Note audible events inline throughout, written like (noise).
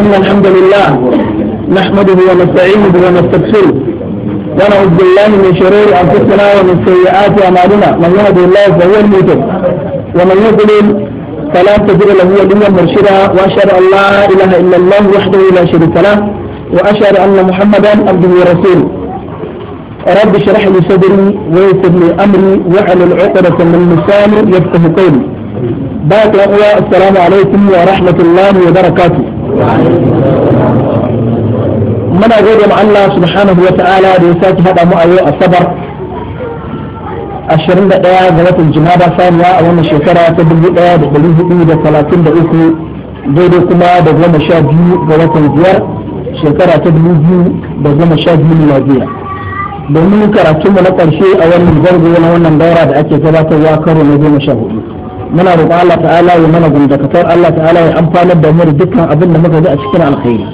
إن الحمد لله نحمده ونستعينه ونستغفره ونعوذ بالله من شرور أنفسنا ومن سيئات أعمالنا من يهد الله فهو المهتد ومن يضلل فلا تجد له وليا مرشدا وأشهد أن لا إله إلا الله وحده لا شريك له وأشهد أن محمدا عبده ورسوله رب اشرح لي صدري ويسر لي أمري واعلن عقدة من لساني يفقه قولي باك يا السلام عليكم ورحمة الله وبركاته muna gode ma Allah subhanahu wa ta'ala da ya sake haɗa mu a yau asabar 21 ga watan jumada saniya a wannan shekara ta 1433 daidai kuma da goma sha biyu ga watan shekara ta domin karatunmu na ƙarshe a wannan zango na wannan daura da ake gabatarwa karo na goma sha hudu muna roƙon Allah ta'ala ya mana gumdakatar Allah ta'ala ya amfanar da mu da dukkan abin da muka ji a cikin alkhairi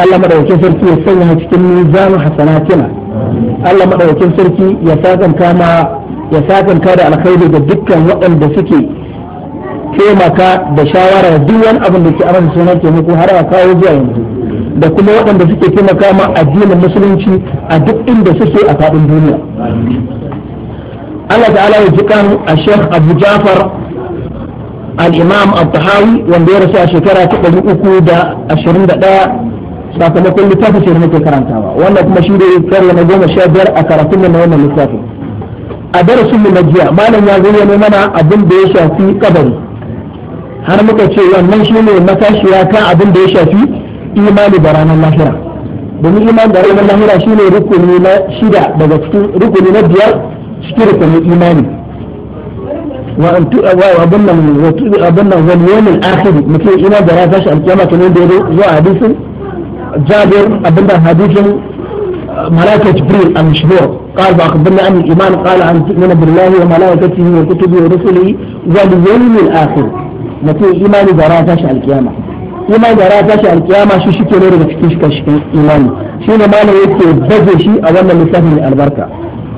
Allah madaukakin sarki ya sanya cikin mizanin hasanatina Allah madaukakin sarki ya sakanka ma ya sakanka da alkhairi ga dukkan waɗanda suke taimaka da shawara duk wani abin da ke aron sunan taimako har a kawo zuwa yanzu da kuma waɗanda suke taimaka ma addinin musulunci a duk inda suke a faɗin duniya Allah ta'ala ya ji kan a Sheikh Abu Jafar al-imam wanda ya rasu a shekara ta ɗari uku da ashirin da ɗaya sakamakon littafin shi nake karantawa wannan kuma shi ne karya na goma sha biyar a karatun na wannan littafin a darasin mu na jiya malam ya zo mana abin da ya shafi kabari har muka ce wannan shi ne matashiya kan abin da ya shafi imani da ranar lahira domin imani da ranar lahira shi ne rukuni na shida daga cikin rukuni na biyar cikin rukunin imani وأن وأبنا وأبنا واليوم الآخر مثل إلى دراسة القيامة كمان بيرو هو حديث جابر أبنا حديث ملائكة جبريل المشهور قال فأخبرنا عن الإيمان قال أن تؤمن بالله وملائكته وكتبه ورسله واليوم الآخر مثل إيمان دراسة القيامة إيمان دراسة القيامة شو شكله رجعتيش كش إيمان شنو ما له يكتب بجشي أولا لسه البركة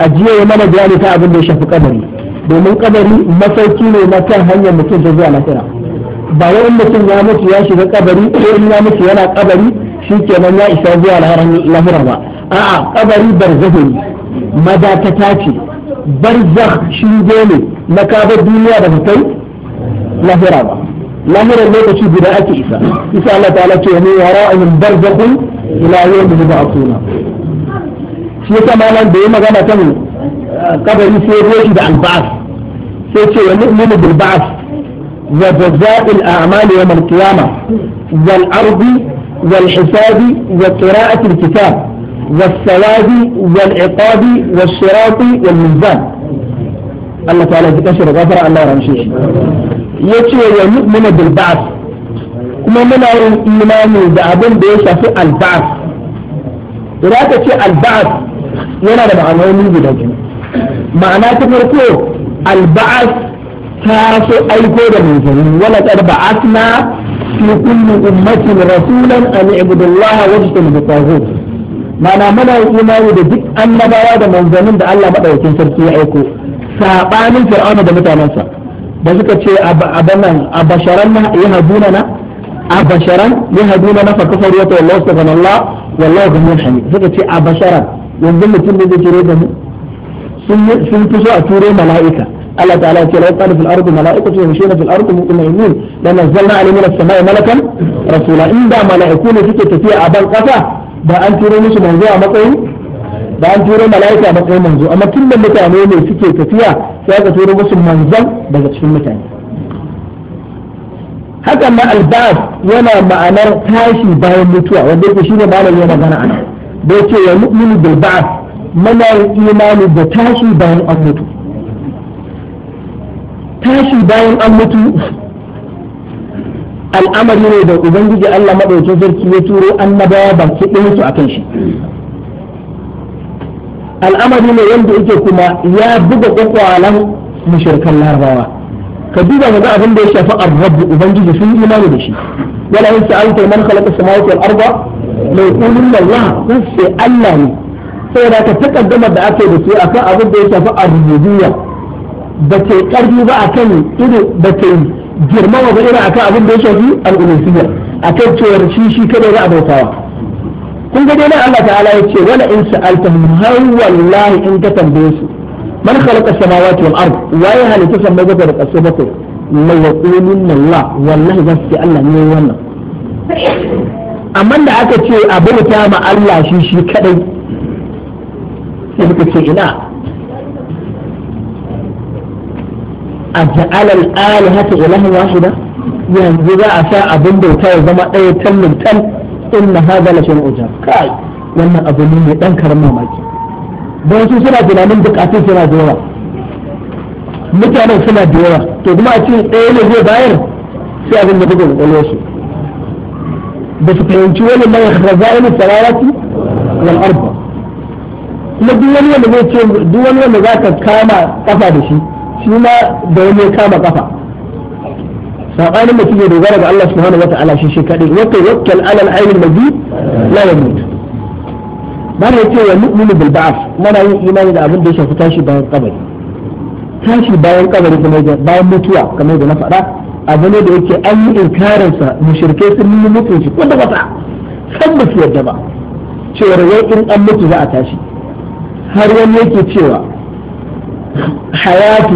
أجيه يمنا جالي تعب اللي شاف قدري domin kabari masauki ne na kan hanyar mutum ta zuwa lahira ba wai mutum ya mutu ya shiga kabari ko in ya mutu yana kabari shi kenan ya isa zuwa lahira ba a'a kabari barzakh ne madatata ce barzakh shi ne na kabar duniya da mutai lahira ba lahirar lokaci guda ake isa isa Allah ta'ala ce ne ya ra'ayin barzakhun ila yawmi yub'athuna shi yasa malam da yayi magana kan kabari sai ruwan da alba'as sai ce wa mu'minu bil ba'as wa jazaa'il a'mali yawm wal wal wa والثواب والعقاب والصراط والميزان الله تعالى ذكر غفر الله رمشيش yace wa mu'mina kuma muna yin imani da abin da ya shafi al ba'th idan ka ce yana da ma'anoni guda biyu ma'ana ta farko alba'as ta so aiko da manzanni wala qad ba'athna fi kulli ummatin rasulan an ibudu Allah wa tajtanibu taghut ma'ana mana imani da duk annabawa da manzannin da Allah madaukakin sarki ya aiko sabanin fir'auna da mutanensa da suka ce abanan abasharan yahduna na abasharan yahduna na fa kafaru wa tawallahu subhanallah wallahu ghaniyyun hamid suka ce abasharan yanzu mutum ne zai kire da mu sun fi so a turo mala'ika Allah ta'ala ce lau qad fil ardi mala'ikatu yamshuna fil ardi mutma'innun la nazzalna alayhim min as-sama'i malakan rasula inda mala'iku ne suke tafiya a ban kasa ba an turo musu manzo a matsayin ba an turo mala'ika a matsayin manzo amma tun da mutane ne suke tafiya sai aka turo musu manzon daga cikin mutane haka ma albas yana ma'anar tashi bayan mutuwa wanda yake shine malam ya magana ana da yake ya mu'minu bil ba'th muna yin imani da tashi bayan an mutu tashi bayan an mutu al'amari ne da ubangiji Allah maɗauki sarki ya turo annabawa ba su ɗin su akan shi al'amari ne wanda yake kuma ya buga kwakwalan mushrikan larabawa ka duba ga abin da ya shafi ar-rabb ubangiji sun imani da shi wala in sa'alta man khalaqa samawati wal arda la yaqulunna Allah sai Allah ne saboda ka takaddamar da ake da su a kan abin da ya shafi arzubiya ba ke karfi ba a akan iri ba ke girma ba irin kan abin da ya shafi al'ulusiya akan cewar shi shi kada za a bautawa kun ga dai Allah ta'ala ya ce wala in sa'altahum har wallahi in ka tambaye su man khalaqa samawati wal ard wa ya halitta sammai da ƙasa bakwai la yaqulunna Allah wallahi za su Allah ne wannan amma da aka ce a bauta ma Allah shi shi kadai sai muka ce ina a wahida yanzu za a sa abin da ya zama ɗaya tallin tal inna hada la shay'un ujab kai wannan abu ne mai dan karamin mamaki don su suna tunanin bukatun suna da yawa mutanen suna da yawa to kuma a ce ɗaya ne zai bayar sai abin da kuka kwakwalwa su ba su fahimci wani mai raza'in sarawati wal arba kuma duk wani wanda zai ce duk wani wanda za kama kafa da shi shi ma da wani kama kafa sabanin mutum ya dogara ga Allah subhanahu wataala shi shi kadai wa tawakkal ala al-ayn al-majid la yamut bana yace wa mu'minu bil ba'th mana yin imani da abin da ya shafi tashi bayan kabari tashi bayan kabari kuma da bayan mutuwa kamar da na faɗa abu ne da yake an yi inkarin sa mushrike sun yi mutunci ko da wata san ba su yarda ba cewa wai in an mutu za a tashi har wani yake cewa hayatu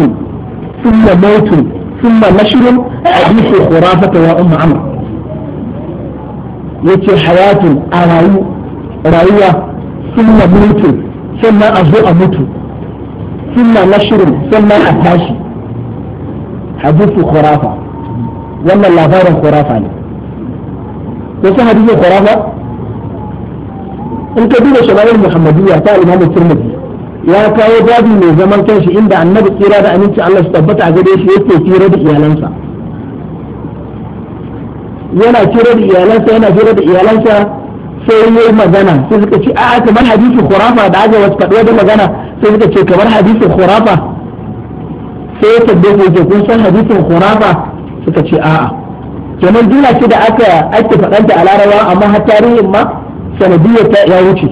thumma mautu thumma nashrun hadithu khurafata wa umma amr yace hayatun a rayu rayuwa thumma mautu sannan a zo a mutu thumma nashrun sannan a tashi hadithu khurafa wannan labarin khurafa ne wasu hadithu khurafa in ka duba shama'il muhammadiyya ta al-imam tirmidhi ya kawo babu mai zaman kanshi inda annabi tsira da aminci Allah su tabbata a gare shi yake tsira da iyalansa yana tsira da iyalansa yana tsira da iyalansa sai yi magana sai suka ce a'a kamar hadisi khurafa da aka wasu kaɗuwa da magana sai suka ce kamar hadisi khurafa sai ya tabbe ko ke kun san hadisin khurafa suka ce a'a kenan jumla ce da aka ake faɗanta a larabawa amma har tarihin ma sanadiyar ta ya wuce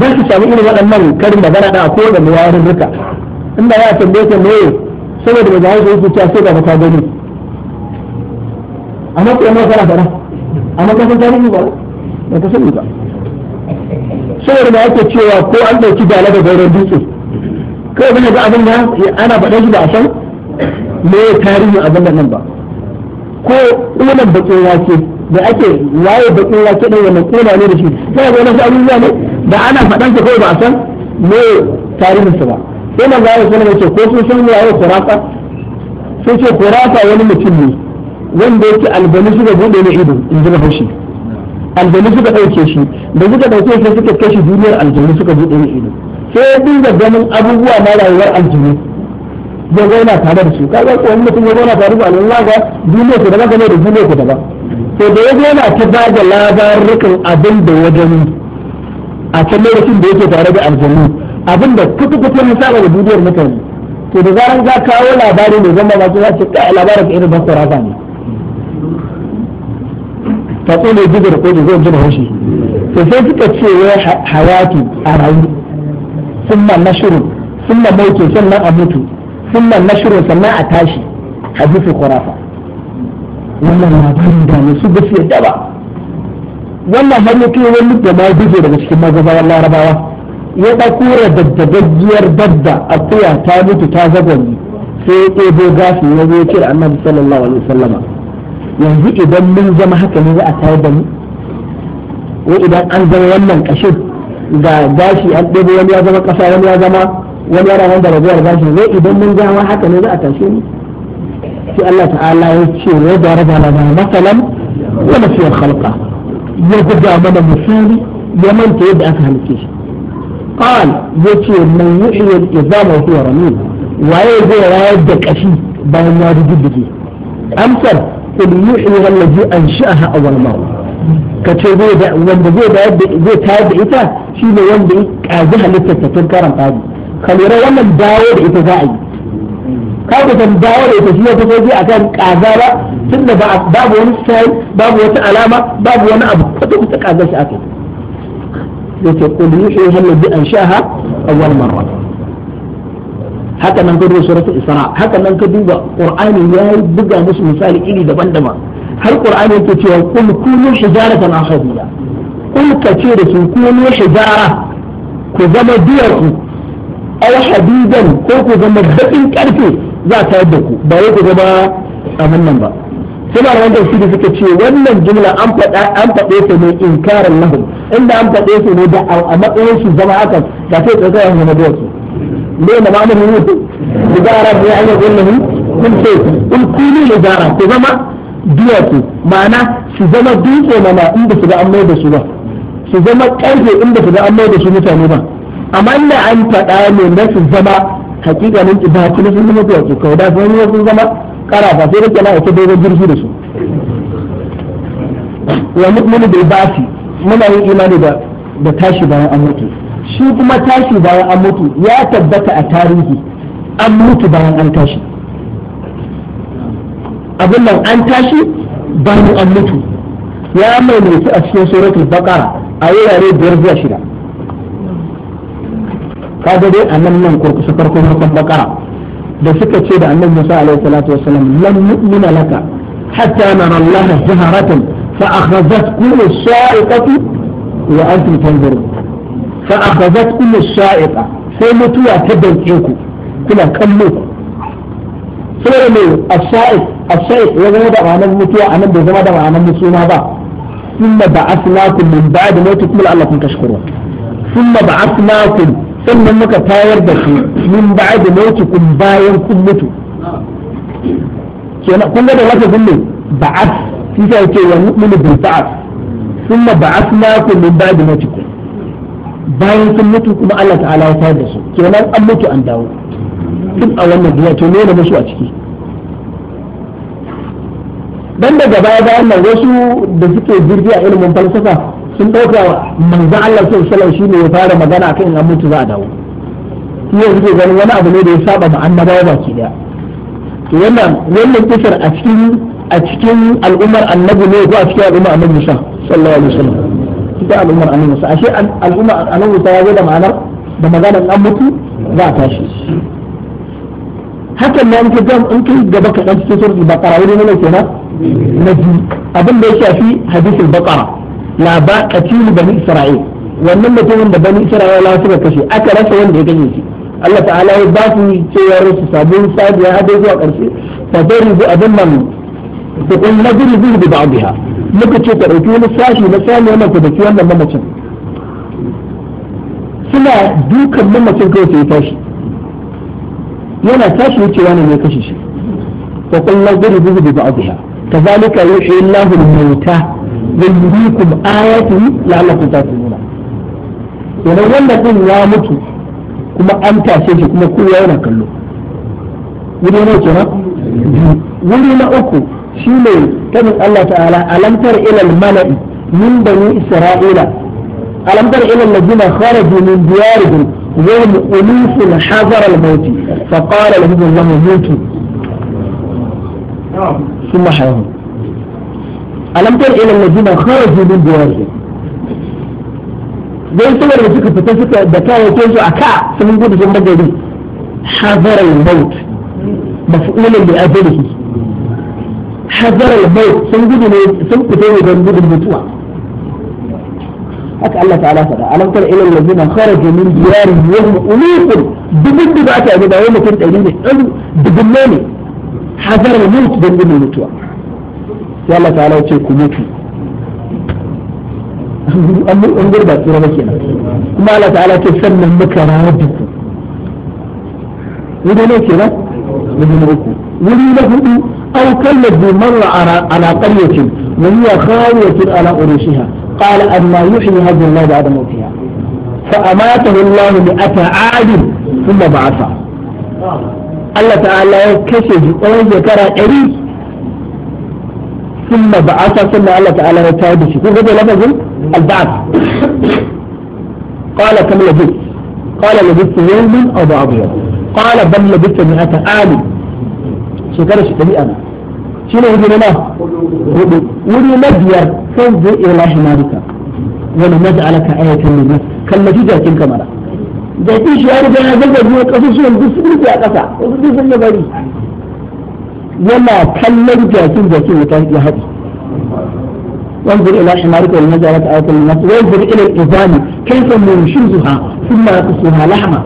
don ki samu irin waɗannan karin magana da a kowane muwarin rika inda ya tambaye ta me saboda ba za a yi ta sai ga ta gani amma ko yana fara fara a ka san tarihi ba ba ta sani ba saboda ba ake cewa ko an ɗauki dala da gauran dutse kawai bane ga abin da ana faɗa shi ba a san me tarihin abin nan ba ko ƙunan bakin wake da ake waye bakin wake din wannan kona ne da shi kai ga wani abubuwa ne da ana faɗan ta kai ba a san me tarihin su ba sai manzo Allah sallallahu alaihi ko sun san waye kurafa sai ce kurafa wani mutum ne wanda yake albani suka bude ne ido in ji haushi aljanu suka dauke shi da suka dauke shi suka kashi duniyar aljanu suka buɗe ni ido sai ya dinga ganin abubuwa na rayuwar aljanu ya zauna tare da su kaga wani mutum ya zauna tare da Allah ga duniyar ku da game da duniyar ku ba sai da yaje yana ta ba da labarukan abin da wajen a can lokacin da yake tare da aljanu abin da kutukutu na saba da duniyar mutane to da zaran za kawo labari mai zama ba su za su kai labarin irin ba kurasa ne ta tsone ko da zai jira haushi to sai suka ce wai hayatu a rayu sunna nashrun sunna mauke sannan a mutu na shirin sannan a tashi hadisi kurasa wannan labarin da ne su ba su yadda ba wannan har ya kai wani da ma gizo daga cikin mazabawan larabawa ya ɗauko daddagaggiyar a akuya ta mutu ta zagwani sai ya ɗebo gashi ya zo ya ce annabi sallallahu alaihi wasallama yanzu idan mun zama haka ne za a tayar da mu Ko idan an zama wannan kashin ga gashi an ɗebo wani ya zama ƙasa wani ya zama wani yana wanda rabuwar gashi wai idan mun zama haka ne za a tashe mu sai Allah ta'ala ya ce wa da raba lana masalan wa nasiya khalqa ya buga mana misali ya manta yadda aka halice aal قال يتي من يحيي العظام وهو رميم waye zai rayar da kashi bayan ya rubuce amsar kul yuhyi allazi ansha'aha awwal marra kace zai da wanda zai da zai tayar da ita shine wanda ya kaji halittar ta tun karan fadi kalura wannan dawo da ita za a yi ka ku san dawo da ita shi wata soji a kan kaza ba tunda babu wani style babu wata alama babu wani abu kwata kwata kaza shi aka yi da ke kullu shi hannu bi an a awwal marra haka nan ka duba suratul isra haka nan ka duba qur'ani ya buga musu misali iri daban-daban har qur'ani yake cewa kul kunu hijaratan ahadiyya kul ka ce da su kunu hijara ku zama duwatsu aw hadidan ko ku zama bakin karfe za a tayar da ku ba wai ku zama a wannan ba sai ba wanda shi da suka ce wannan jumla an faɗa an faɗe su ne inkarin lahum inda an faɗe su ne da a matsayin su zama haka da sai tsaka ya zama da su ne da ma mun yi da gara ne an yi wannan kun ce in kuni ne gara ku zama duwatsu ma'ana su zama dutse mana inda su ga an mai da su ba su zama ƙarfe inda su ga an mai da su mutane ba amma inda an faɗa ne na su zama hakika nan ki ba da sun zama duwatsu kawai da sun sun zama karafa sai da kyala ake dogon jirgi da su wa mu'minu bil ba'si muna yin imani da da tashi bayan an mutu shi kuma tashi bayan an mutu ya tabbata a tarihi an mutu bayan an tashi abin nan an tashi bayan an mutu ya mai a cikin suratul baqara a wurare biyar zuwa shida kaga dai a nan nan kurkusa farko farkon bakara da suka ce da annabi Musa alaihi salatu wasallam lam nu'mina laka hatta nara Allah jaharatan fa akhadhatkum kull saiqatu wa antum tanzurun fa akhadhatkum kull saiqa sai mutuwa ta dauke ku kuna kallo sai ne as-sa'iq as-sa'iq ya zama da ma'anar mutuwa anan bai zama da ma'anar musuma ba ثم بعثناكم min ba'di mawtikum la'allakum tashkurun ثم بعثناكم sannan muka tayar da su min ba'a da mautikum bayan kun mutu kenan kun ga da wata gunne ba'at shi ta yake wa mu'minu bil ba'at thumma kun min ba'di mautikum bayan sun mutu kuma Allah ta'ala ya tayar da su kenan an mutu an dawo tun a wannan duniya to ne da musu a ciki dan daga baya bayan nan wasu da suke jirgi a ilimin falsafa sun dauka manzon Allah sallallahu alaihi shi ne ya fara magana akan an mutu za a dawo shi yanzu ke ganin wani abu ne da ya saba ma annabawa baki daya to wannan wannan kisar a cikin a cikin al'ummar annabi ne ko a cikin al'ummar annabi Musa sallallahu alaihi wasallam cikin al'ummar annabi Musa ashe al'ummar annabi Musa ya zo da ma'anar da maganar an mutu za a tashi hakan nan ka jam in kai gaba kaɗan cikin surfi bakara wuri ne kenan na biyu abin da ya shafi hadisin bakara laba katilu bani isra'il wannan mutumin da bani isra'ila suka kashe aka rasa wanda ya kashe shi Allah ta'ala ya ba su cewa rasu sabon sabiya har zuwa karshe fa daribu abin nan da kun nadiri bi bi ba'dha muka ce ka dauki wani sashi na sami wannan ku daki wannan mamacin suna dukan mamacin kawai sai tashi yana tashi wuce wani ne kashe shi fa kun nadiri bi bi ba'dha kazalika yuhyi Allahu al-mauta يريكم آياته لعلكم تعقلون ولو أن كل يموت كما أنت أشيك كما كل يوم أكله ولي أنا أكله ولي أنا أكله شيلي كان الله تعالى ألم تر إلى الملأ من بني إسرائيل ألم تر إلى الذين خرجوا من ديارهم وهم أنوف حذر الموت فقال لهم الله موتوا ثم حياهم alam tar ila alladina kharaju min diyarihim dai saboda da suka fita suka da kayayyakin su aka sun gudu sun bagari hazara al-maut maf'ulan bi ajrihi hazara al-maut sun gudu ne sun fita ne don gudun mutuwa haka Allah ta'ala faɗa alam tar ila alladina kharaju min diyarihim wa hum ulufun dubin da aka yi da wani mutum ɗari ne dubin ne hazara al-maut don gudun mutuwa sai Allah ta'ala ce ku mutu (laughs) an gurba tsira ba kenan kuma Allah ta'ala ce sannan muka rabu ku wuri ne kenan wuri na uku wuri na hudu aw kallabu marra ala qaryatin wa hiya khawiyatun ala urushiha qala anna yuhyi hadhihi Allah ba'da mawtiha fa amatahu Allah bi ata'ad thumma ba'atha Allah ta'ala ya kashe shi tsawon shekara 100 ثم بعث ثم الله تعالى يتعب شيء كيف هذا لفظ البعث قال كم لبثت قال لبثت يوما أو بعض يوم قال بل لبثت مئة عام شكرا شكرا أنا شنو يقول الله ولي مدير فانظر إلى حمارك ولنجعلك آية للناس كالتي جاتين كما جاتين شعار بها زلزل قصصهم بسبب يا قصة وصدق بني yana kallon jakin jakin wuta ya haɗi wanzur ila shimarika wal majarat ayatul nas wanzur ila al-izami kayfa munshizuha thumma su lahma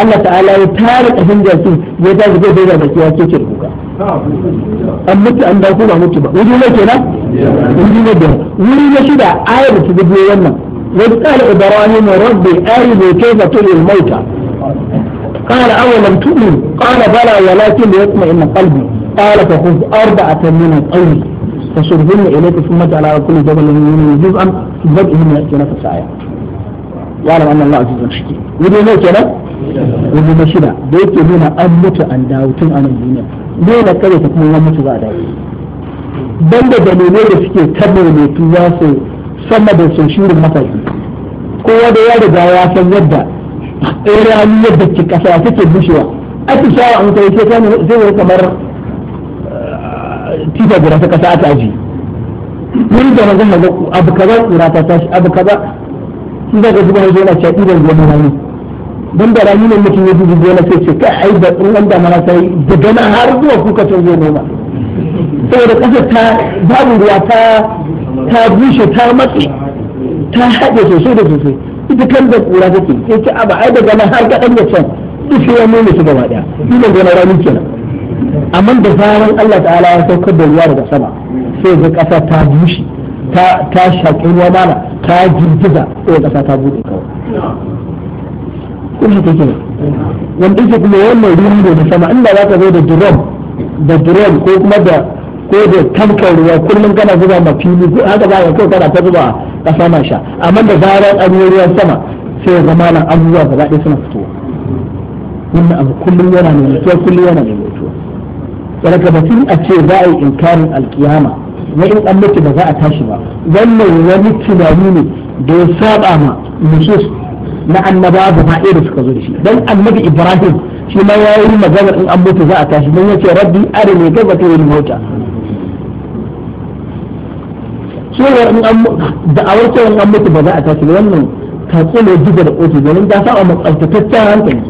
Allah ta'ala ya tare kafin jakin ya ta zuba da baki ya kece kuka an mutu an da ba mutu ba wuri ne kenan wuri ne da wuri ne shida ayar ta gudu wannan wa qala ibrahim rabbi arini kayfa tulil mauta قال أولم تؤمن قال بلى ولكن ليطمئن قلبي قال فخذ أربعة من القول فصرهن إليك ثم اجعل على كل جبل منهم جزءا في بدءهن يأتينك سعيا يعلم أن الله عزيز حكيم ودي نوع كده ودي نشرة بيت لنا أموت أن داوتن أنا الدنيا ليه لك كده تكون أموت بعد بل دليلai da suke kabo ne tuwa su sama da sun shirin mafarki kowa da ya riga ya san yadda ɗaya raniyar da ke kasa take bushewa ake shawa an kai sai kanu zai yi kamar eh, tita guda ta kasa aka aji wani da manzon maza abu kaza kura ta tashi abu kaza sun zaga zuba yanzu yana cewa ɗiban zuwa rani don da rani ne mutum ya dubi zuwa sai ce kai ai da ɗin da mana sai daga nan har zuwa kuka can zai noma saboda ƙasar ta babu ruwa ta bushe ta matse ta haɗe sosai da sosai ita kan da kura take sai ce aba ai daga nan har kaɗan da can duk sai ya nuna shi gaba ɗaya shi ne gona rani kenan amma da zaran Allah ta'ala ya saukar da ruwa daga sama sai ga ƙasa ta bushe ta ta shaƙi ruwa mana ta girgiza sai ƙasa ta buɗe kawai kun shi take wanda yake kuma wannan ruwan da sama inda za ka zo da drone da drone ko kuma da ko da tamkar ruwa kullum kana zuba ma fili haka za ka kai kana ta zuba a na sha amma da zarar an yi ruwan sama sai ya zama nan abubuwa gaba ɗaya suna fitowa wannan abu kullum yana mai mutuwa kullum yana mai mutuwa tsaraka batun a ce za a yi inkarin alkiyama na in an mutu ba za a tashi ba wannan wani tunani ne da ya saba ma nusus na annaba ba ma irin suka zo da shi dan annabi ibrahim shi ma ya yi magana in an mutu za a tashi don ya ce rabbi arini kai ba ta yi mota cewa in an da'awar cewa an mutu ba za a tashi wannan tatsi ne jiga da otu domin ta sa mu tsaftataccen hankali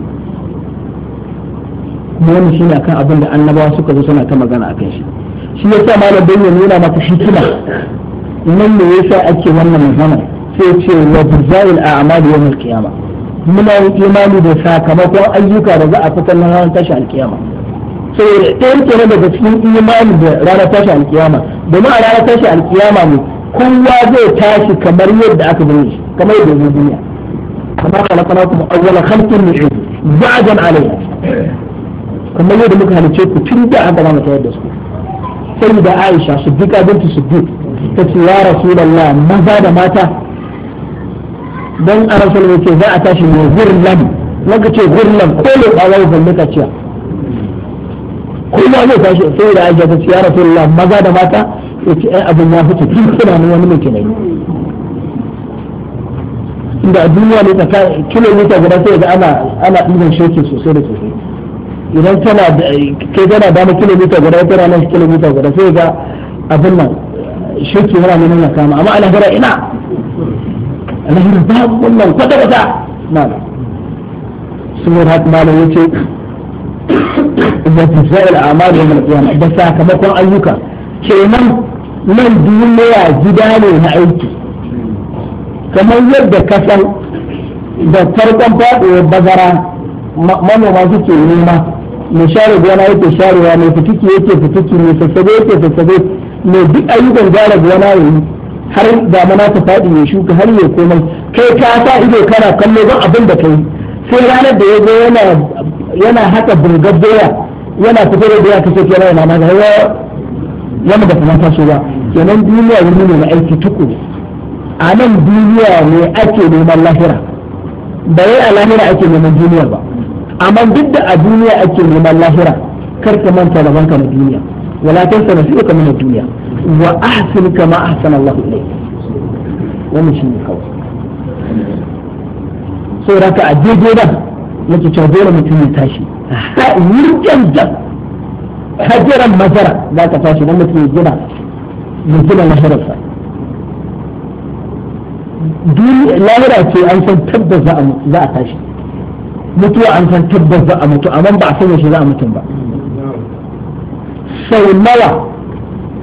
kuma wannan shine akan abin da annabawa suka zo suna ta magana akan shi shi yasa malam bayyana yana maka hikima nan ne yasa ake wannan magana sai ce wa bizaril a'mal yawm al-qiyamah muna yin imani da sakamakon ayyuka da za a fitar na ranar tashi alkiyama sai ɗayan kenan daga cikin imani da ranar tashi alkiyama domin a ranar tashi alkiyama ne kowa zai tashi kamar yadda aka gani shi kamar yadda zai duniya kamar kuma awwala khalqin min 'ind ba'dan alayhi kamar yadda muka halice ku tun da aka gama tayar da su sai da Aisha Siddiqa binti Siddiq ta ce ya Rasulullah maza da mata dan a Rasul ce za a tashi ne gurlan wanda ce gurlan ko ne bawai balle ka ciya kuma zai tashi sai da Aisha ta ce ya Rasulullah maza da mata ya ce ai abin ya fito tun tunanin wani mai tunani inda a duniya ne tsaka kilomita guda sai ga ana ana ɗiban shoki sosai da sosai idan tana kai tana dama kilomita guda tana nan kilomita guda sai ga abin nan shoki yana nan ya kama amma alahira ina alahira babu wannan kwata-kwata na saboda haka malam ya ce da tafiyar al'amari yana kiyama da sakamakon ayyuka kenan nan duniya gida ne na aiki kamar yadda kasan da farkon faɗuwar bazara manoma suke nema mai share gona yake sharewa mai fitiki yake fitiki mai sassabe yake sassabe mai duk ayyukan gyara gona ya yi da damana ta faɗi ya shuka har ya komai kai ka sa ido kana kallo don abin da kai sai ranar da ya zo yana haka burgar doya yana fitar da doya kace kenan yana ma ga yawa yana da kuma tasowa kenan duniya wuri ne na aiki tukuru a nan duniya ne ake neman lahira ba wai a lahira ake neman duniya ba amma duk da a duniya ake neman lahira kar ka manta da banka na duniya wala tansa nasibaka min ad duniya wa ahsin kama ahsana Allahu ilayk wani shi ne kawai sai raka a daidai da nake cewa dole mutum ya tashi ha jan-jan, hajjiran mazara za ka tashi dan mutum ya gina ya gina lahirarsa lahira ce an san tabbas za a tashi mutuwa an san tabbas za a mutu amma ba a san yaushe za a mutum ba sau nawa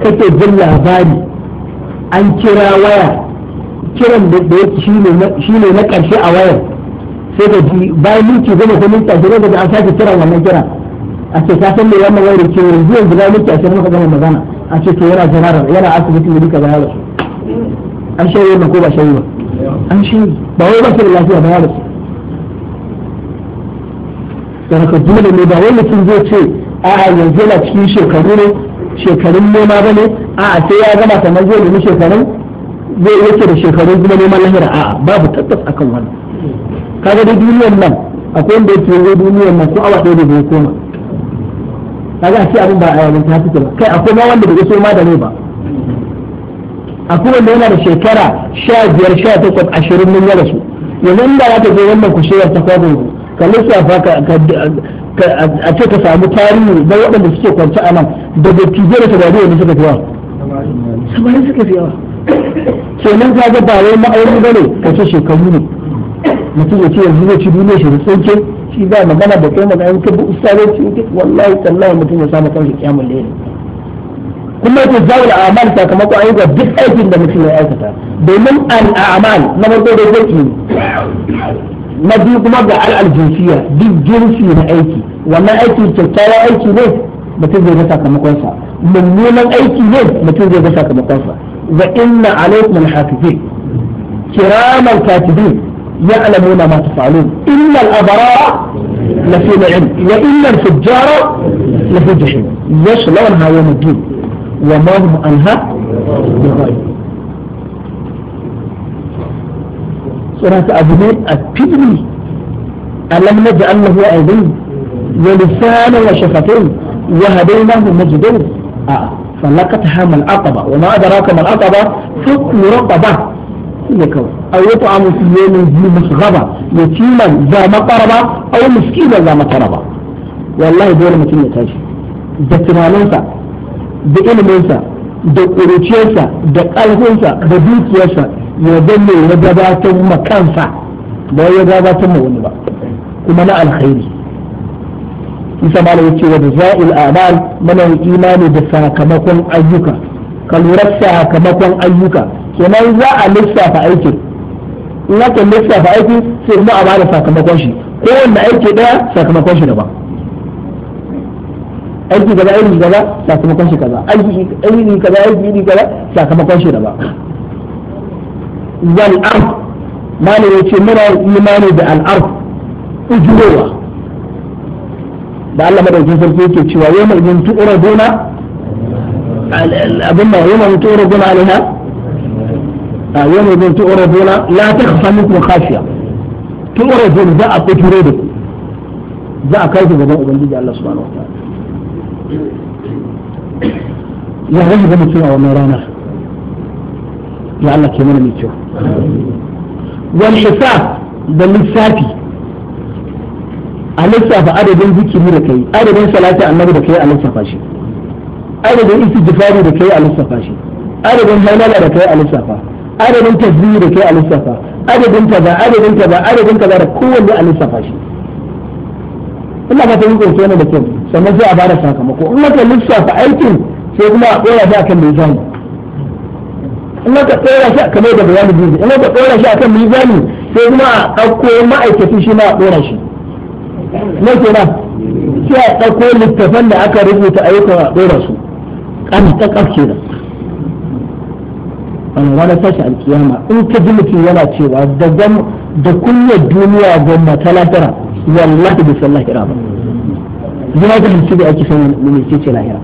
kake jin labari an kira waya kiran da ya shi ne na ƙarshe a wayar sai ka ji bayan minti goma ko minti ashirin da an sake kiran wannan kira a ce ka san me wannan wayar ke yanzu yanzu bayan minti ashirin ka gama magana a ce to yana jirarar yana asibiti da duka bayar su an shayi ba ko ba shayi ba an shayi ba wai ba shi da lafiya bayar su da haka dole ne ba wai mutum zai ce a'a yanzu yana cikin shekaru ne shekarun nema ba ne a'a sai ya gama kamar zai nemi shekarun zai yake da shekaru kuma neman lahira a'a babu tabbas akan wannan kaga dai duniyar nan akwai wanda ya tuwo duniyar nan ko awa ɗaya da bai koma kaga ashe abin ba a yayin ta fito ba kai akwai ma wanda bai so ma da ne ba akwai wanda yana da shekara sha biyar sha takwas ashirin mun yara su yanzu inda za ta je wannan shirya ta kwabo ka lissafa a ce ka samu tarihi na waɗanda suke kwanci a nan da dattijai da tabari wanda suka fi yawa samari suka fi yawa kenan ka ga ba wai ma'aurin ba ne ka ce shekaru ne mutum ya ce yanzu zai ci duniya shi da tsinke a ba magana da kai magana in ka bi in wallahi tallahi mutum ya samu kiyamul layl kuma zawul a'mal ayyuka duk aikin da mutum ya aikata domin al a'mal na farko da zai yi na biyu kuma ga al aljinsiya duk jinsi na aiki wannan aiki kyakkyawan aiki ne mutum zai ga sakamakonsa mummunan aiki ne mutum zai ga sakamakonsa wa inna al-hafizin kiraman katibin يعلمون ما تفعلون إن الأبرار لفي نعيم وإن الفجار لفي جحيم يصلونها يوم الدين وما هم عنها بغير سورة أبو نير ألم نجعل له أيدين ولسانا وشفتين وهديناه مجدين آه فلقتها من العقبة وما أدراك ما العقبة فك رقبة iya kawai a yi ta amu fiye ne yi musu gaba ya ciman za makaraba a yi muskinan za makaraba wallahi dole mutum ya tashi da tunaninsa da iliminsa da ƙuruciyarsa da ƙarfinsa da dukiyarsa ya danne ya gabatar ma kansa ba ya gabatar ma wani ba kuma na alkhairi isa malam ya ce wa da za'il amal mana imani da sakamakon ayyuka ka lura sakamakon ayyuka kenan za a lissafa aikin in aka lissafa aiki sai kuma a bada sakamakon shi kowanne aiki daya sakamakon shi daban aiki kaza aiki kaza sakamakon shi kaza aiki aiki kaza aiki iri kaza sakamakon shi daban wal ard mana yace muna imani da al ard ujurowa da Allah madaukakin sarki yake cewa yau mai yin gona. abin da yau mutu urabuna alaiha a ah, yau mutu urabuna la ta kafa muku khashiya tun urabuna za a kuturo da za a kai ku gaban ubangiji Allah subhanahu wa ta'ala ya rahu ga mutum a wannan ranar ya Allah ke mana mai kyau wal hisab da lissafi a lissafa adadin zikiri da kai adadin salati annabi da kai a lissafa shi adadin istighfari da kai a lissafa shi adadin halala da kai a lissafa adadin tasbihi da kai a lissafa adadin kaza adadin kaza adadin kaza da kowanne a lissafa shi ina ka ta yi ƙoƙo da kyau sannan sai a bada sakamako in ka lissafa aikin sai kuma a ɗora shi akan mizani in ka ɗora shi kamar da bayani biyu in ka ɗora shi akan mizani sai kuma a ɗauko ma'aikaci shi ma a ɗora shi na kenan sai a ɗauko littafan da aka rubuta ayyukan a ɗora su kan kakaf ce da wani wani tashi alkiyama in ka ji mutum yana cewa da gan da kunyar duniya gwamma ta lahira wallahi bi san lahira ba yana da hanci da ake san mun ce ce lahira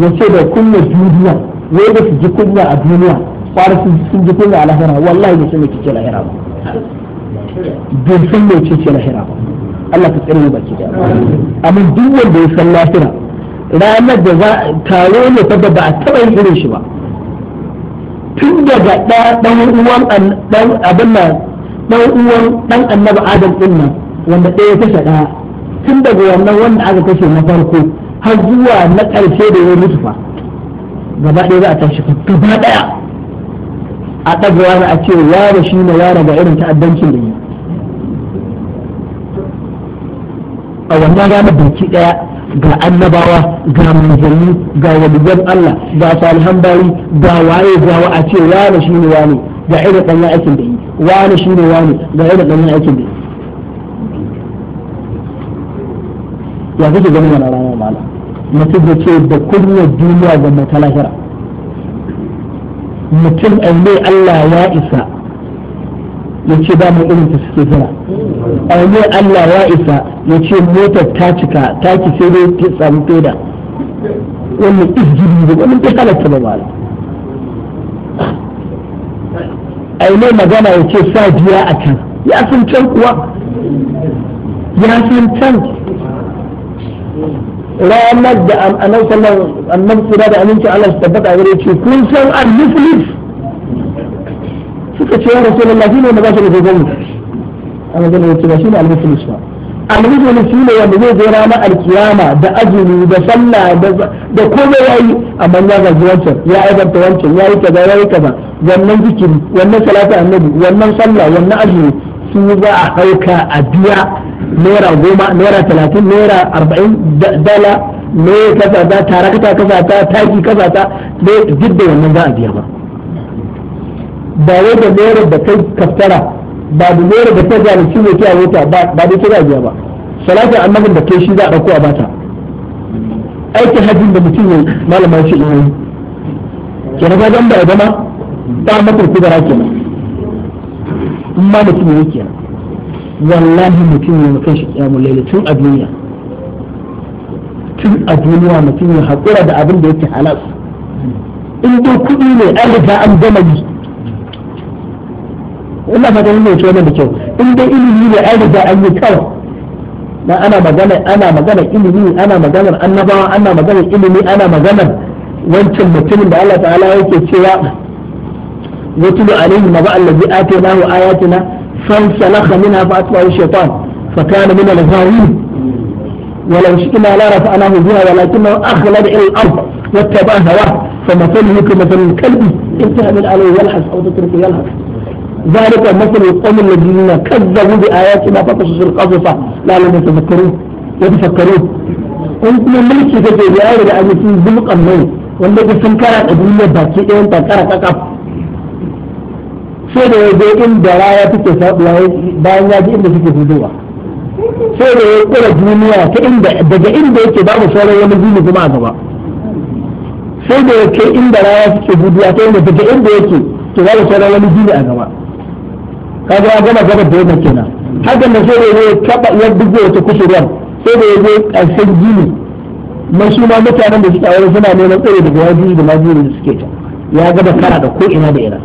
Ya ce da kunyar duniya wai da su ji kunya a duniya kwara sun ji kunya a lahira wallahi bi san me ce lahira ba bai san me ce lahira ba Allah ka tsare mu baki da amma duk wanda ya san lahira ranar da za taro ne fa ba a taɓa yin irin shi ba tun daga ɗan uwan ɗan uwan adam ɗin nan wanda ɗaya kashe ɗaya tun daga wannan wanda aka kashe na farko har zuwa na ƙarshe da ya mutu fa gaba ɗaya za a tashi fa gaba ɗaya a ɗaga wani a ce yaro shi ne yaro ga irin ta'addancin da yi a wannan ranar baki ɗaya ga annabawa ga manzanni ga waliyan Allah ga salihan bayi ga waye ga a ce wani shine wani ga irin ɗanyen aikin da yi wani shine wani ga irin ɗanyen aikin da yi ya kake ganin wani rana mala mutum da ce da kunyar duniya ga mata lahira mutum ai Allah ya isa ya ce ba mu irin ta suke jira a wani Allah ya isa ya ce motar ta cika ta ki sai dai ta samu feda wannan izgiri ne wannan ta halatta ba ba a yi mai magana ya ce sa biya a can ya san can kuwa ya san can ranar da annabi sallallahu alaihi wasallam da aminci Allah tabbata gare ce kun san al-muslim suka ce ya a magana yace ba wanda zai je ranar alkiyama da azumi da sallah da komai yayi amma ya gaji wancan ya aibanta wancan yi kaza yayi kaza wannan zikiri wannan salatu annabi wannan sallah wannan azumi su za a hauka a biya naira goma naira talatin naira arba'in dala me kasa ta tare kasa ta taki kasa ta duk da wannan za a biya ba ba wai da morar da kai kaftara ba da morar da kai zalunci mai kiyaye wuta ba da kira biya ba salatin annabin da kai shi za a ɗauko a bata aikin hajjin da mutum ya malama shi in yi kenan ka zan ba ya zama ba mafi kubara in ma mutum ya yi wallahi mutum ya mutum shi kiyamun laili tun a duniya tun a duniya mutum ya haƙura da abin da yake halas in dai kuɗi ne an riga an gama yi ina fatan mun ce wannan da kyau in dai ilimi ne an riga an yi kawai dan ana magana ana magana ilimi ana magana annabawa ana magana ilimi ana magana wancan mutumin da Allah ta'ala yake cewa watulu alayhi ma ba'a allazi atainahu ayatina fansalakha minha fa atba'ahu shaytan fa kana min al-ghawin ولو شئنا لرفعناه بها ولكنه اخلد الى الارض واتبع هواه فمثله كمثل الكلب ان تهمل عليه يلحس او تتركه يلحس ذلك مثل القوم الذين كذبوا بآياتنا فقصص القصص لعلهم يتفكرون يتفكرون in kuma mulki kake da yaro da amince zulkan mai wanda ka sun kara da duniya baki ɗayan ta kara kaka sai da yaje inda raya take sabuwa bayan ya ji inda suke fitowa sai da ya kura duniya ta inda daga inda yake babu sauran wani duniya kuma a gaba sai ya kai inda raya suke buduwa ta inda daga inda yake to babu sauran wani duniya a gaba kaga ya gama gaba da wannan kenan hakan da sai da ya kaba ya dubo wata kusurwan sai da ya zo ƙarshen gini mai su ma mutanen da suka aure suna neman tsare daga yaji da majiyar da suke ta ya gaba kara da ko ina da ina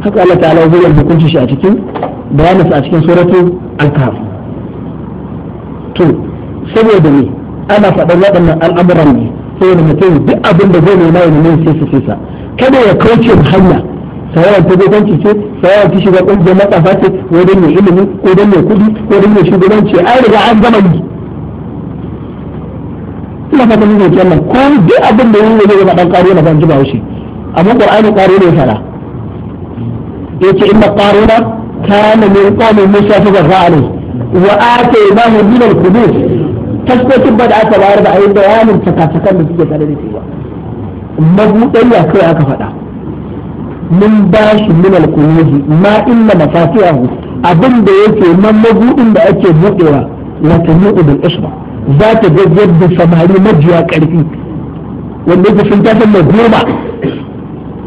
haka Allah ta'ala ya zai hukunci shi a cikin bayanin a cikin suratul al-kahf to saboda ne ana faɗar waɗannan al'amuran ne saboda mutum duk abin da zai nema ya nemi sai su fisa kada ya kauce hanya sawa'an ta dokanci ce sawa'an ta shiga ƙungiyar matsafa ce ko dan mai ilimi ko dan mai kuɗi ko dan mai shugabanci an riga an gama yi ina fata ne zai kyalla ko duk abin da yayi zai dan ƙaro na ban ji ba shi amma qur'ani ƙaro ne fara yace inna na kana min qawmi musa fa ne. wa ataynahu min al-qudus tasbitin ba da aka bayar da yi bayanin takasakan da suke tare da shi ba mabuɗayya kai aka faɗa mun bashi min al-kunuzi ma inna mafatihahu abin da yake nan mabudin da ake budewa la tanu'u bil isra za ta ga yadda samari majiya karfi wanda yake sun tafi mai goma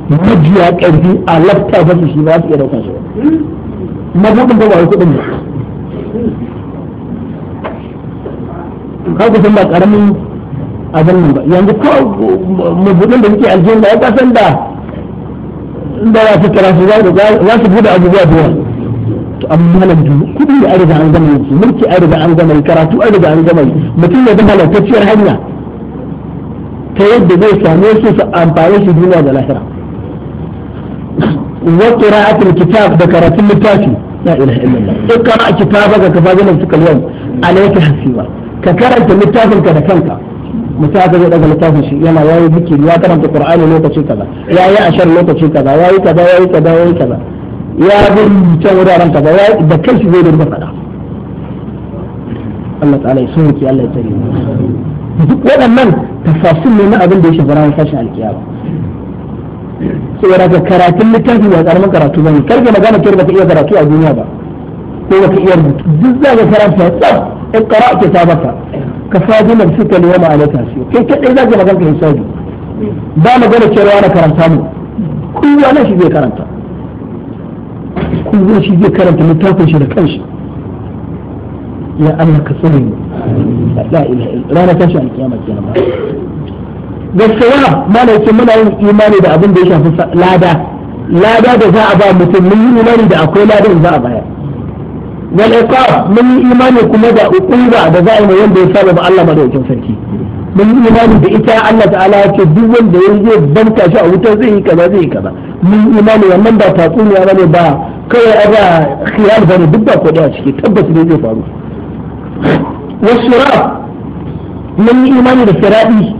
majiya karfi a lafta ba su shi ba su iya daukar shi mabudin ba wai kudin ba kaga san ba karamin abin nan ba yanzu ko mabudin da yake aljanna ya kasan da in ba za a tattara su za su buɗe abubuwa da yawa to amma nan duk kuɗi da an an gama yanki mulki an an gama karatu an an gama mutum ya bi halattacciyar hanya ta yadda zai same su su amfani shi duniya da lahira wa qira'atul kitab da karatun littafi la ilaha illallah ikra kitabaka kafa bi nafsika al-yawm alayka hasiba ka karanta littafinka da kanka mutum aka zai daga littafin shi yana yayi zikiri ya karanta qur'ani lokaci kaza ya yi ashar lokaci kaza ya yi kaza ya yi kaza ya yi kaza ya bi can wuraren kaza ya da kanshi zai dinga faɗa Allah ta'ala ya sauke Allah ya tsare duk waɗannan tafasil ne na abin da ya shafi ranar fashin alkiyama saboda ka karatun littafi ba karamin karatu ba ne karfe magana kyau ba ka iya karatu a duniya ba ko ba ka iya rubutu duk za ka karanta tsaf in qara'a kitabaka ka faɗi na suka ne wani ala tasiyo kai kadai za ka magana ka hisabi ba magana cewa na karanta mu kowa na shi zai karanta kowa shi zai karanta littafin shi da kanshi ya Allah ka tsare mu la ilaha illa rana tashi alkiyama kenan gaskiya mana yake muna yin imani da abin da ya shafi lada lada da za a ba mutum mun yi imani da akwai ladan za a bayar wal iqab mun yi imani kuma da uquba da za a yi wanda ya saba ba Allah madaukakin sarki mun yi imani da ita Allah ta'ala ya ce duk wanda ya je banka shi a wutar zai yi kaza zai yi kaza mun yi imani wannan ba tatsuniya bane ba kawai a ba khiyar bane duk ba kodi a ciki tabbas ne zai faru wasu mun yi imani da siradi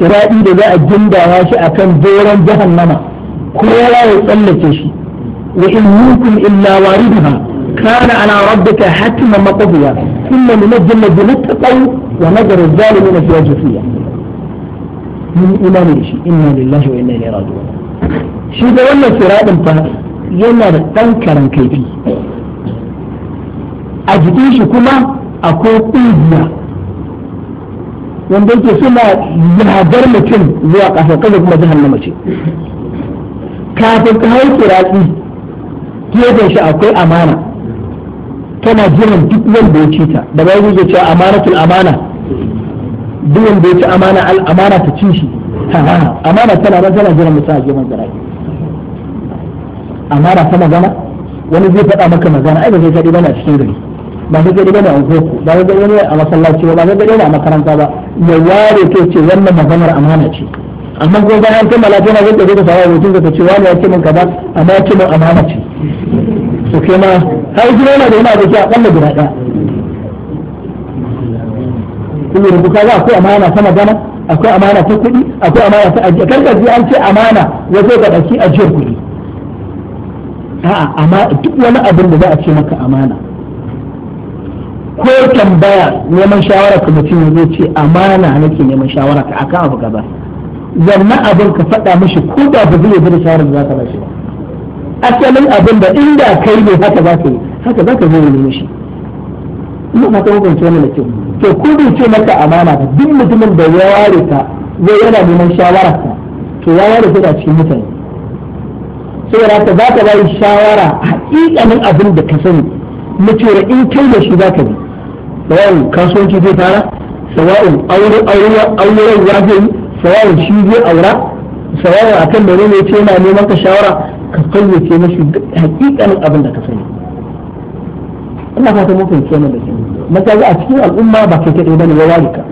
siradi da za a gindawa shi akan doron jahannama kowa ya tsallake shi وان منكم إلا واردها كان على ربك حتما مقضيا ثم ننجي الذين اتقوا ونذر الظالمين في فيها من إمام الشيء إنا لله وإنا إليه راجعون شيء ده ولا سراد انت ينا تنكر كيفي أجديش كما أكون قيدنا وان بنت سنة يهدر مكين لواقع في قلب مجهن نمشي كافر كهو سرادي gefen shi akwai amana tana jiran duk wanda ya ci ta da bayan zai ce amanatul amana duk wanda ya ci amana al amana ta ci shi amana tana ba tana jiran mutum a gefen zara amana ta magana wani zai faɗa maka magana ai ba zai faɗi bane a cikin gari ba zai faɗi bane a unguwarku ba zai faɗi bane a masallaci ba ba zai faɗi bane a makaranta ba ya ware kai ce wannan maganar amana ce amma ko bayan an kammala tana zan ɗauke ka samu mutum ka ce wani ya ce min kaza amma ya ce min amana ce to kai ma har kuma yana da yana da a akalla guda ɗaya kuma rubuta za akwai amana sama a akwai amana ta kuɗi akwai amana ta ajiyar karkaji an ce amana wato ga ɗauki ajiyar kuɗi a'a amma duk wani abin da za a ce maka amana ko tambaya neman shawara ka mutum ya ce amana nake neman shawara ka akan abu gaba wannan abin ka faɗa mashi ko da ba zai da shawarar da za ka bashi asalin abin da inda kai ne haka za ka yi haka za ka zo ne mishi ina fata hukunci wannan da kyau to ko bai ce maka amana ba duk mutumin da ya ware ka zai yana neman shawara ka to ya ware ka a cikin mutane Sai saboda haka za ka bayi shawara a hakikanin abin da ka sani na cewa in kai da shi za ka yi. sawa'un kasuwanci zai fara sawa'un auren ya zai yi sawa'un shi zai aura sawa'un akan menene ce yana neman ka shawara ka fayyace mashi hakikanin abin da ka sani ina fata mun fahimci wannan da ke mataza a cikin al'umma ba kai kadai bane ya ka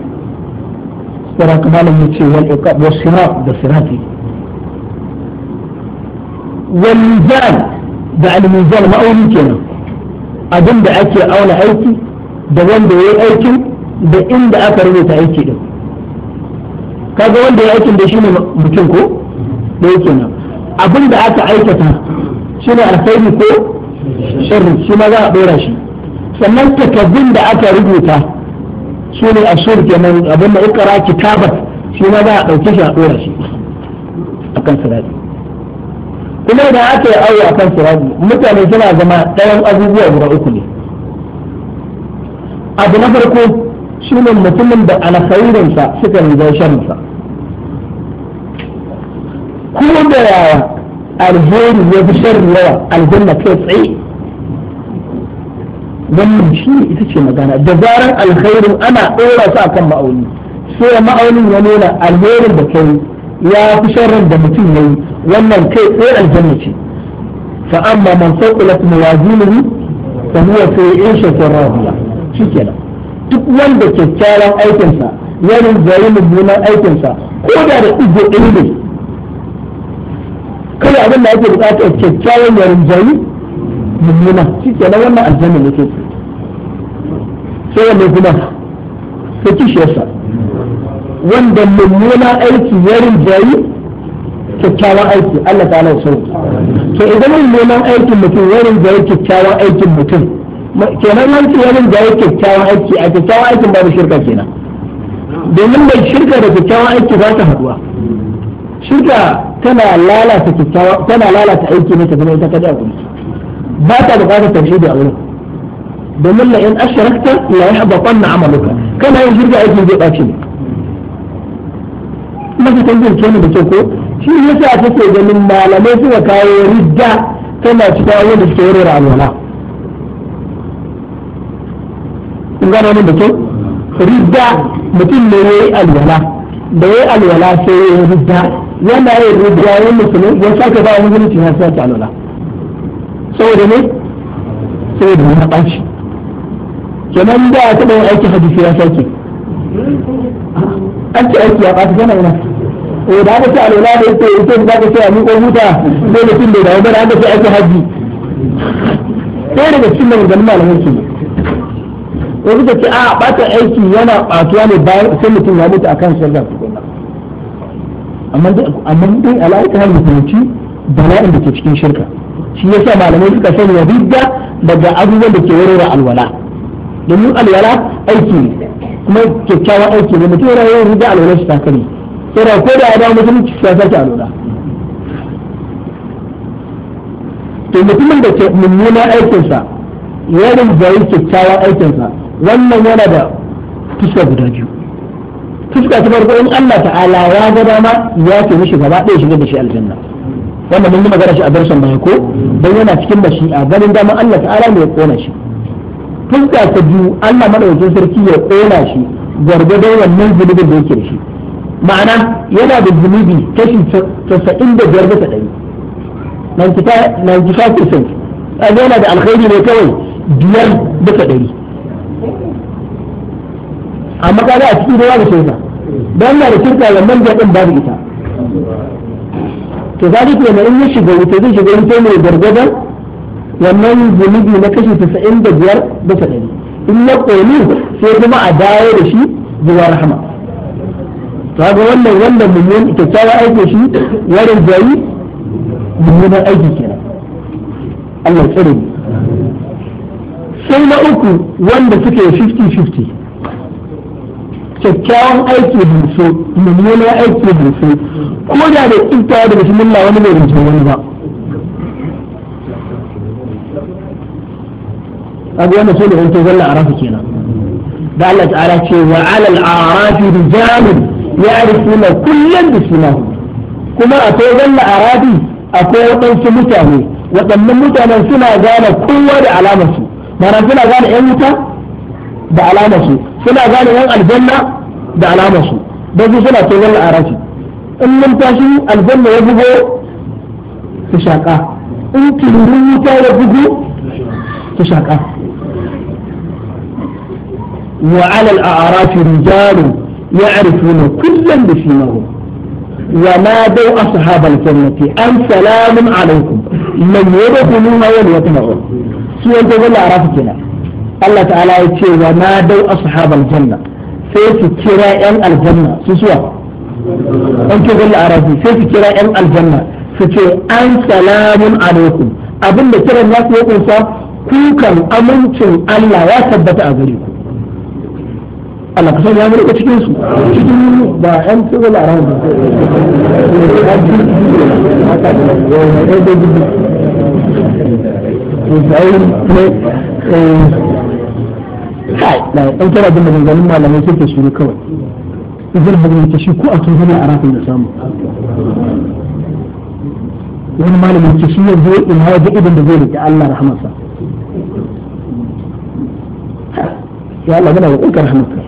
tsara kamar ce wal iqab wa sirat da sirati wal mizan da al mizan ma'auni kenan abin da ake auna aiki da wanda yayi aikin da inda aka rubuta aiki din kaga wanda ya aikin da shi ne mutum ko da yake nan abin da aka aikata shi ne alkhairi ko sharri shi ma za a dora shi sannan takabbin da aka rubuta shi ne a sur kenan abin da ikara kitabat shi ma za a ɗauke shi a dora shi akan sirati kuma idan aka yi aure akan sirati mutane suna zama ɗayan abubuwa guda uku ne abu na farko shi ne mutumin da alkhairinsa suka rinjar sharrinsa ko da alheri ya fi sharri yawa aljanna kai tsaye wannan shi ita ce magana da zarar alkhairin ana ɗora su akan ma'auni sai ma'aunin ya nuna alherin da kai ya fi sharrin da mutum ya yi wannan kai tsaye aljanna ce fa amma man sauƙulat mawazinuhu fa huwa fi ishatin rahiya shikenan duk wanda kyakkyawan aikinsa yarin zai mummunan aikinsa ko da da ido ɗin ne kai abin da ake bukata kyakkyawan yarin jayi mummuna shi ke na wannan aljanna ne ke sai wanne kuma ta kishiyarsa wanda mummuna aiki yarin jayi kyakkyawan aiki Allah ta halar sauki to idan mummunan aikin mutum yarin jayi kyakkyawan aikin mutum kenan yanki yarin jayi kyakkyawan aiki a kyakkyawan aikin babu shirka kenan domin bai shirka da kyakkyawan aiki ba ta haduwa shirka tana lalata kyakkyawa tana lalata aiki ne ta zama ita kadai a gurin ba ta buƙatar tauhidi a wurin domin la in asharakta la yahbatanna amaluka kana yin shirka aiki zai bace ne maka tanzir kenan da kyau ko shi yasa take ganin malamai suka kawo ridda tana cikin wani da suke warware alwala kun gane nan da kyau ridda mutum ne yayi alwala da yayi alwala sai yayi ridda wanda yana yi rubuwayen musulmi ya sake ba wani mulki ya sake alwala saboda ne sai da wani ɓaci kenan da a taɓa yin aiki hadisi ya sake ah, an ce aiki ya ɓaci gana yana o eh, da aka ce lola da ya ce ita da aka ce a miƙo huta ko da tun da dawo bane aka ce aikin haji sai daga cikin maganganun malamai ke ko ka ce a ah, ɓata aiki yana ɓatuwa ne bayan sai mutum ya mutu a kan shirgar amma dai ala'ika har mutunci bala'in da ke cikin shirka shi ya sa malamai suka sanya ridda daga abubuwan da ke warewa alwala domin alwala aiki ne kuma kyakkyawan aiki ne mutum yana yin ridda alwala su takari sai ko da ya dawo musulunci ya sake alwala to mutumin da ke mummuna aikinsa ya yi kyakkyawan aikinsa wannan yana da fuskar guda biyu fuska ta farko in Allah ta'ala ya ga dama ya ce mishi gaba ɗaya shiga da shi aljanna wannan mun yi magana shi a darsan baya ko dan yana cikin mashi'a ganin dama Allah ta'ala ne ya kona shi fuska ta biyu Allah madaukakin sarki ya kona shi gwargwadon wannan zunubin da yake da shi ma'ana yana da zunubi kashi casa'in da biyar bisa ɗari 95% yana da alkhairi ne kawai biyar bisa ɗari amma kaga a cikin ruwa da shirka dan na da shirka wannan da din babu ita to zali ke in ya shiga wuta zai shiga wuta mai gargadan wannan zunubi na kashi 95 da ɗari in ya koyi sai kuma a dawo da shi zuwa rahama to haka wannan wanda mummun kyakkyawan aiki shi warin jayi mummunan aiki kenan Allah tsare sai na uku wanda suke 50 50 kyakkyawan aiki hamsin mummuna aiki hamsin ko da da kintawa da bismillah wani bai rinje wani ba kaga wannan sai da wancan zalla a rafi kenan da Allah ta'ala ce wa alal arafi rijalun ya'rifuna kullan da suna. kuma akwai zalla arafi akwai waɗansu mutane waɗannan mutanen suna gane kowa da alamarsu mana suna gane 'yan wuta da alamarsu suna gane yan aljanna da alamar su don su suna to wani arashi in mun tashi aljanna ya bugo ta shaƙa in tururin wuta ya bugo ta shaƙa wa alal a'arafi rijalu ya'rifuna kullan bi simahum ونادوا أصحاب الجنة أن سلام عليكم من يدخلون ولا يطمعون سوى الجبل عرفتنا Allah ta'ala ya ce wa dau ashabal janna sai su kira yan aljanna su suwa an ce gulla arabi sai su kira yan aljanna su ce an salamun alaikum abin da kiran ya ku sa, kukan amincin Allah ya tabbata a gare ku Allah ka san ya murƙa cikin su cikin ba yan civil around ba kai da dan kana da maganganun malamai sai ke shiru kawai idan ba ta shi ko a tsohon a rafin da samu wani malamin ce shi yanzu ina ya ga idan da zai rike Allah rahamarsa ya Allah muna roƙon rahamarka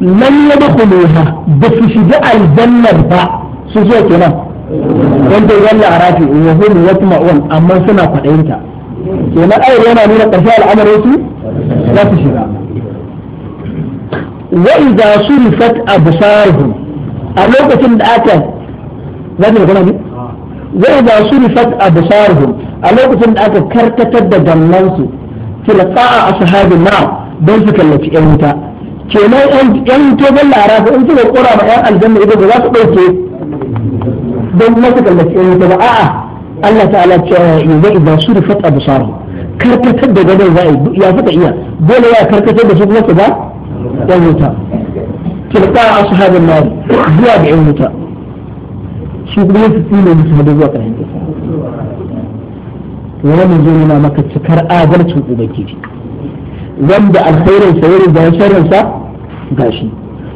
lan yadkhuluha ba su shiga aljannar ba su zo kenan wanda da yalla arafi wa hum yatma'un amma suna fadayinta kenan ayar yana nuna ƙarshen al'amarin su za su shiga wa surifat a lokacin da aka za ta gana ne wa idza surifat a lokacin da aka karkatar da gannan su tilqa ashabin na don su kallaci yan wuta kenan yan wuta ban larafa in suka kora ma yan aljanna ido ba za su dauke don kallaci wuta ba a'a Allah ta'ala yanzu idan surifat absaru karkatar da gadon za ya fata iya dole ya karkatar da su kuma su ba yan wuta tilqa ashabin nar zuwa ga yan wuta su kuma su tsine musu hada zuwa ƙarshen kasa wani zo yana maka cikar adalcin ubangiji wanda alkhairin sa yarin da sharrin sa gashi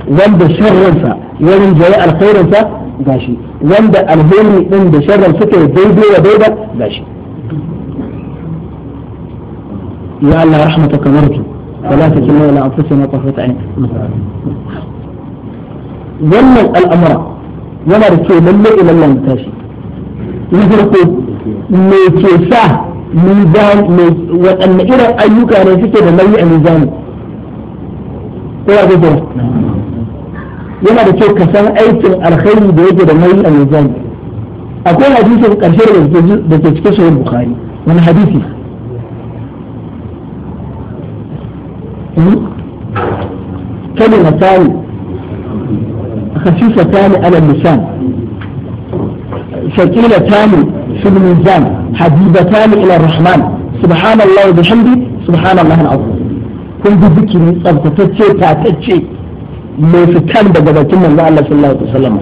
wanda sharrin sa yarin da alkhairin sa gashi wanda alheri din da sharran suka yi daidai wa daida gashi ya Allah rahmataka warki wala takilna ila anfusina qurrata ayn wannan al'amura yana da kyau lalle ilallan da tashi na farko me ke sa mizan me waɗanne irin ayyuka ne suke da nauyi a mizani ko ya ga yana da kyau ka san aikin alkhairi da yake da nauyi a mizan akwai hadisi karshe da ke cikin sahih bukhari wani hadisi كلمتان خفيفتان على اللسان ثقيلتان في الميزان حبيبتان الى الرحمن سبحان الله وبحمده سبحان الله العظيم كن بذكري صدقتك تاتك mai fitar daga bakin manzo Allah sallallahu alaihi wasallam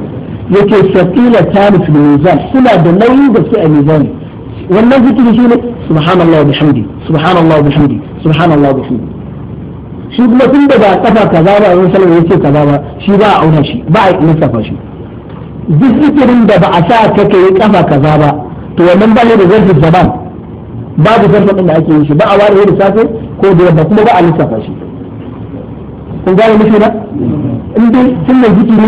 yake saqila tarif mizan suna da nauyin da su a mizan wannan zikiri shine subhanallah wa bihamdi subhanallah wa bihamdi subhanallah wa bihamdi shi kuma tun da ba kafa kaza ba wani salama yace kaza ba shi ba a auna shi ba a yi lissafa shi duk zikirin da ba a sa ka kai kafa kaza ba to wannan ba ne da zarfin zaman babu zarfin da ake yi shi ba a ware da safe ko da ba kuma ba a lissafa shi kun gane nufi na in dai sunna zikiri ne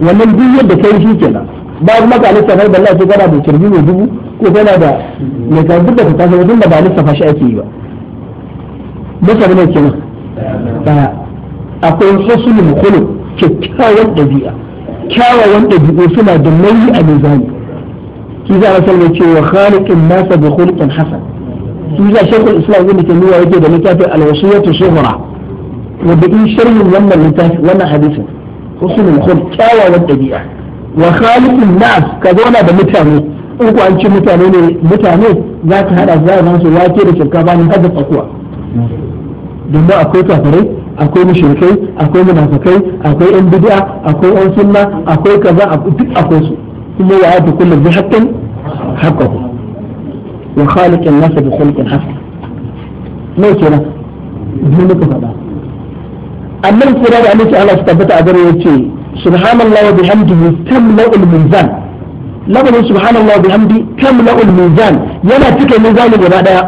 wannan duk yadda kai shi kenan ba kuma ka lissafa da Allah ce kana da kirbi ne dubu ko kana da mai ka duka da ka tafi wajen da ba lissafa fashi ake yi ba masa ne kenan ba akwai husnul khuluq kyakkyawan dabi'a kyawawan dabi'u suna da nauyi a mizani Ki za a salma ce wa khaliqin nasa bi khuluqin hasan ki za shaykhul islam ibn nuna yake da littafin alwasiyatu wasiyatu sughra وبدون شر لما لتاش وما حديثه خصوصا الخل كاوى والدبيعه وخالق الناس كذولا بمتانو انكو انشي متانو متانو ذاك هذا الزاي ناسو واتير شركابان هذا فقوة دماء اكوي كافري اكوي مشركي اكوي منافقي اكوي انبدع اكوي انسنة اكوي كذا اكوي اكوي سو ثم يعاد كل ذي حق حقه وخالق الناس بخلق حق ما يسيرا دماء كفادات annabi kira da aminci Allah su tabbata a gare ya ce subhanallah wa bihamdihi tamla'ul mizan lafazin subhanallah wa bihamdi tamla'ul mizan yana cika mizani gaba daya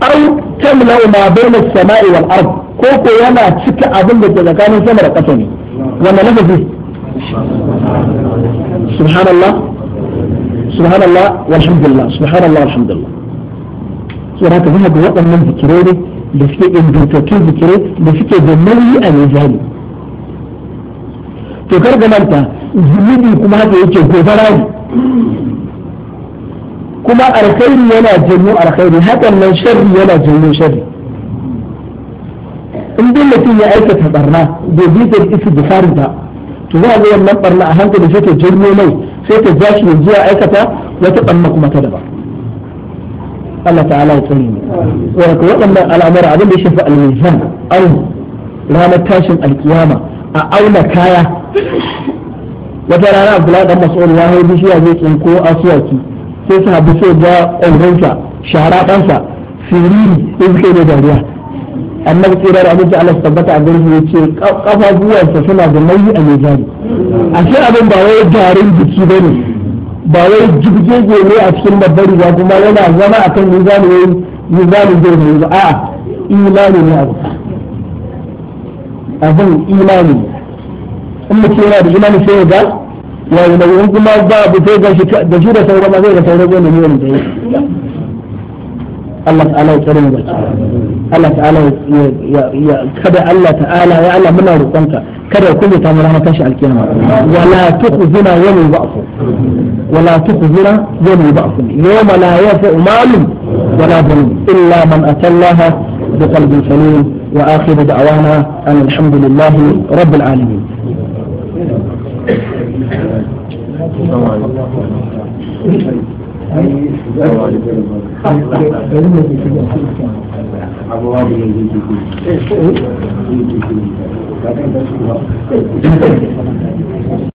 aw tamla'u ma bayna as-sama'i wal ard ko ko yana cika abin da ke tsakanin sama da ƙasa ne wannan lafazi subhanallah subhanallah walhamdulillah subhanallah walhamdulillah sai haka zaka ga waɗannan zikirai da suke ingantattun zikirai da suke da nauyi a mizani to kar ga manta zunubi kuma haka yake gobara ne kuma alkhairi yana janyo alkhairi hakan nan sharri yana janyo sharri in dai mutum ya aikata barna bai bi da istighfar ba to za a ga wannan barna a hankali sai ta janyo mai sai ta jashi shi ya aikata wata barna kuma ta daban Allah ta'ala ya tsare mu saboda waɗannan al'amura abin da ya shafi al-mizan au ranar tashin alkiyama a auna kaya wata rana Abdullahi dan Mas'ud ya hawo bishiya zai tsinko asuwaki sai su bi sai ga aurensa shara ɗansa siriri sai suka yi dariya annabi tsirar abinci Allah su tabbata a gurin ya ce kafafuwansa suna da nauyi a a ashe abin ba wai garin jiki bane ba wai jibgege ne a cikin babbar ba kuma yana zama a kan mizani ne mizani zai ne ba a'a imani ne abu abin imani in mutum yana da imani sai ya ga ya yi nauyin kuma ba babu sai ga shi da shi da sauran ma zai da sauran zai nemi wani da ya Allah ta'ala ya tsare mu Allah ta'ala ya kada Allah ta'ala ya Allah muna roƙonka kada ku mu ta mu ranar tashi alkiyama wala tukhzina wa min ba'fu ولا تخبر يوم البعث يوم لا ينفع مال ولا بنون إلا من أتى الله بقلب سليم وآخر دعوانا أن الحمد لله رب العالمين you.